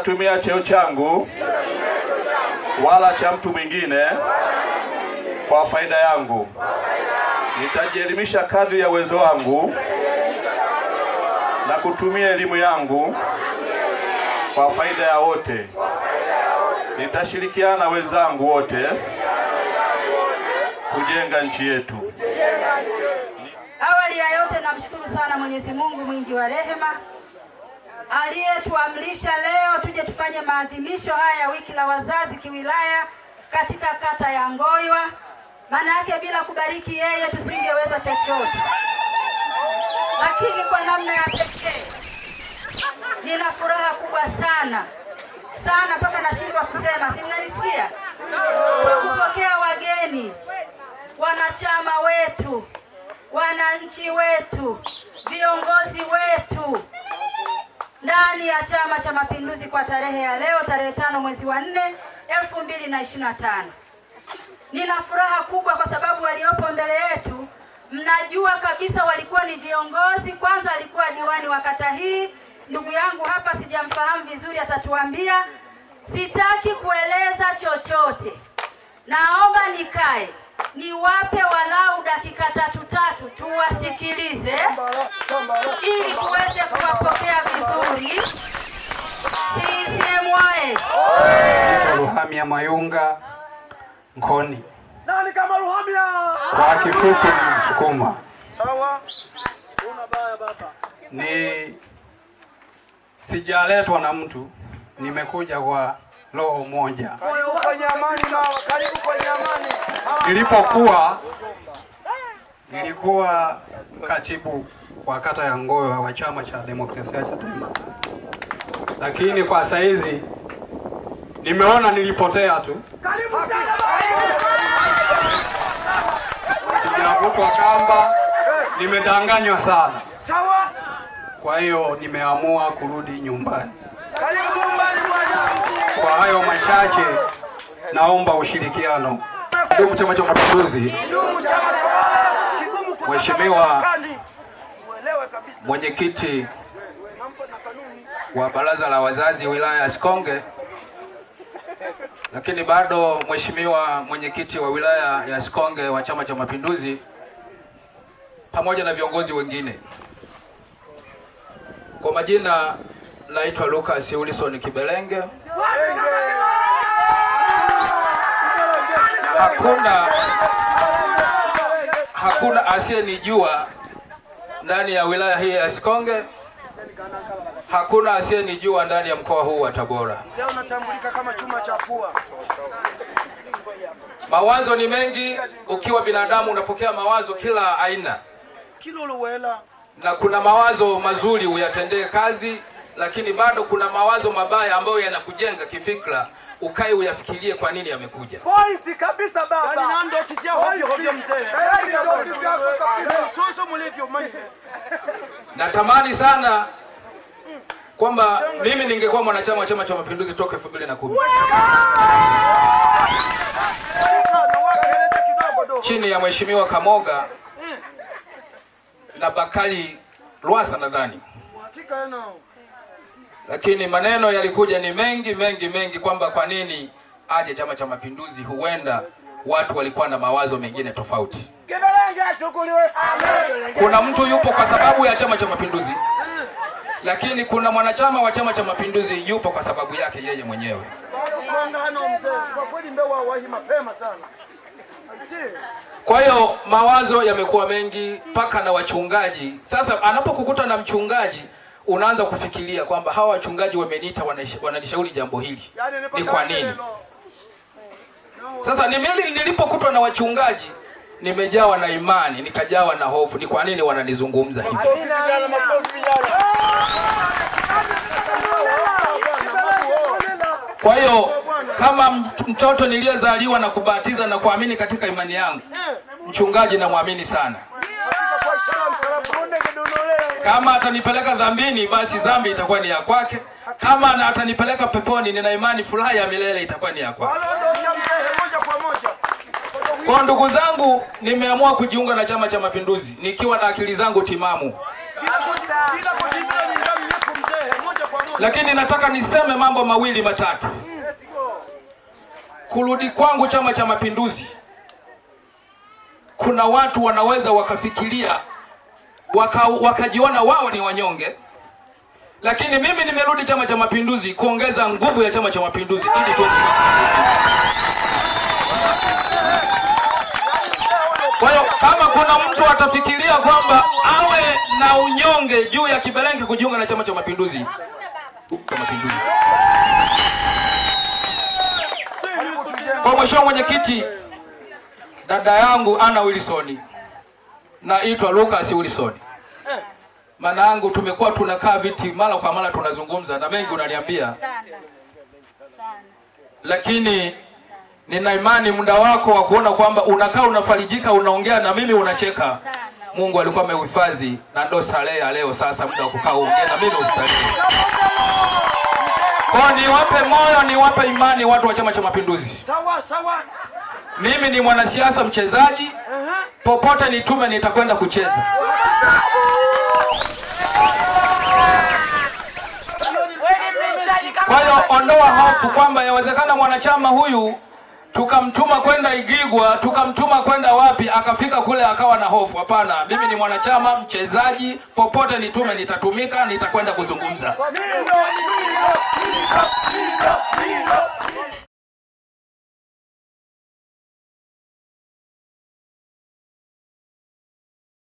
sitatumia cheo changu wala cha mtu mwingine kwa faida yangu. Nitajielimisha kadri ya uwezo wangu na kutumia elimu yangu kwa faida ya wote. Nitashirikiana na wenzangu wote kujenga nchi yetu. Awali ya yote, namshukuru sana Mwenyezi Mungu mwingi wa rehema aliyetuamrisha leo tuje tufanye maadhimisho haya wiki la wazazi kiwilaya katika kata ya Ngoywa. Maana yake bila kubariki yeye tusingeweza chochote, lakini kwa namna ya pekee nina furaha kubwa sana sana mpaka nashindwa kusema, si mnanisikia? Kwa kupokea wageni, wanachama wetu, wananchi wetu, viongozi wetu ndani ya Chama cha Mapinduzi kwa tarehe ya leo tarehe tano mwezi wa nne elfu mbili na ishirini na tano. Nina furaha kubwa kwa sababu waliopo mbele yetu mnajua kabisa walikuwa ni viongozi. Kwanza alikuwa diwani wa kata hii, ndugu yangu hapa, sijamfahamu vizuri, atatuambia. Sitaki kueleza chochote, naomba nikae niwape walau dakika tatu tatu tuwasikilize ili tuweze kuwapokea vizuri. CCM oye! Luhamia Mayunga Nkoni, nani kama Luhamia? Kwa kifupi ni Msukuma. Sawa, una baya baba. Ni sijaletwa na mtu, nimekuja kwa roho moja. Karibu nyamani amani, karibu kwa nyamani nilipokuwa nilikuwa katibu wa kata ya Ngoyo wa chama cha demokrasia Chadema, lakini kwa saizi nimeona nilipotea tu, nimevutwa kamba, nimedanganywa sana. Kwa hiyo nimeamua kurudi nyumbani. Kwa hayo machache, naomba ushirikiano Kidumu Chama cha Mapinduzi. Mheshimiwa mwenyekiti wa baraza la wazazi wilaya ya Sikonge, lakini bado mheshimiwa mwenyekiti wa wilaya ya Sikonge wa Chama cha Mapinduzi, pamoja na viongozi wengine. Kwa majina naitwa Lucas Wilson Kibelenge hakuna, hakuna asiyenijua ndani ya wilaya hii ya Sikonge, hakuna asiyenijua ndani ya mkoa huu wa Tabora. Mawazo ni mengi, ukiwa binadamu unapokea mawazo kila aina, na kuna mawazo mazuri uyatendee kazi, lakini bado kuna mawazo mabaya ambayo yanakujenga kifikra ukae uyafikirie kwa nini yamekuja. Point kabisa baba. Yaani ndio notice yako hiyo mzee. Ndio notice yako kabisa. Soso mlivyo mimi. Natamani sana kwamba mimi ningekuwa mwanachama wa Chama cha Mapinduzi toka 2010. Chini ya Mheshimiwa Kamoga hmm. na Bakali Lwasa nadhani. Hakika eh, nao. Lakini maneno yalikuja ni mengi mengi mengi, kwamba kwa nini aje Chama cha Mapinduzi? Huenda watu walikuwa na mawazo mengine tofauti. Kuna mtu yupo kwa sababu ya Chama cha Mapinduzi, lakini kuna mwanachama wa Chama cha Mapinduzi yupo kwa sababu yake yeye mwenyewe. Kwa hiyo mawazo yamekuwa mengi mpaka na wachungaji. Sasa anapokukuta na mchungaji unaanza kufikiria kwamba hawa wachungaji wameniita, wananishauri jambo hili yaani ni kwa nini? Sasa nilipokutwa na wachungaji nimejawa na imani, nikajawa na hofu, ni kwa nini wananizungumza hivi? Ah! Kwa hiyo kama mtoto niliyezaliwa na kubatiza na kuamini katika imani yangu, eh, mchungaji namwamini sana. Kama atanipeleka dhambini, basi dhambi itakuwa ni ya kwake. Kama atanipeleka peponi, nina imani furaha ya milele itakuwa ni ya kwake. Kwa ndugu zangu, nimeamua kujiunga na Chama cha Mapinduzi nikiwa na akili zangu timamu, lakini nataka niseme mambo mawili matatu. Kurudi kwangu Chama cha Mapinduzi, kuna watu wanaweza wakafikiria waka, wakajiona wao ni wanyonge, lakini mimi nimerudi Chama cha Mapinduzi kuongeza nguvu ya Chama cha Mapinduzi ili tu. Kwa hiyo kama kuna mtu atafikiria kwamba awe na unyonge juu ya kibelenge kujiunga na Chama cha Mapinduzi, kwa Mheshimiwa Mwenyekiti, dada yangu Ana Wilsoni naitwa Lucas Wilson. Maana yangu tumekuwa tunakaa viti mara kwa mara tunazungumza na mengi unaniambia, lakini nina imani muda wako wa kuona kwamba unakaa unafarijika, unaongea na mimi unacheka. Mungu alikuwa amehifadhi na ndo starehe leo. Sasa muda wa kukaa uongea na mimi ustarehe kwa niwape moyo niwape imani watu wa Chama cha Mapinduzi. Sawa sawa mimi ni mwanasiasa mchezaji, popote nitume nitakwenda kucheza. Kwa hiyo ondoa hofu kwamba yawezekana mwanachama huyu tukamtuma kwenda Igigwa, tukamtuma kwenda wapi, akafika kule akawa na hofu. Hapana, mimi ni mwanachama mchezaji, popote nitume nitatumika, nitakwenda kuzungumza.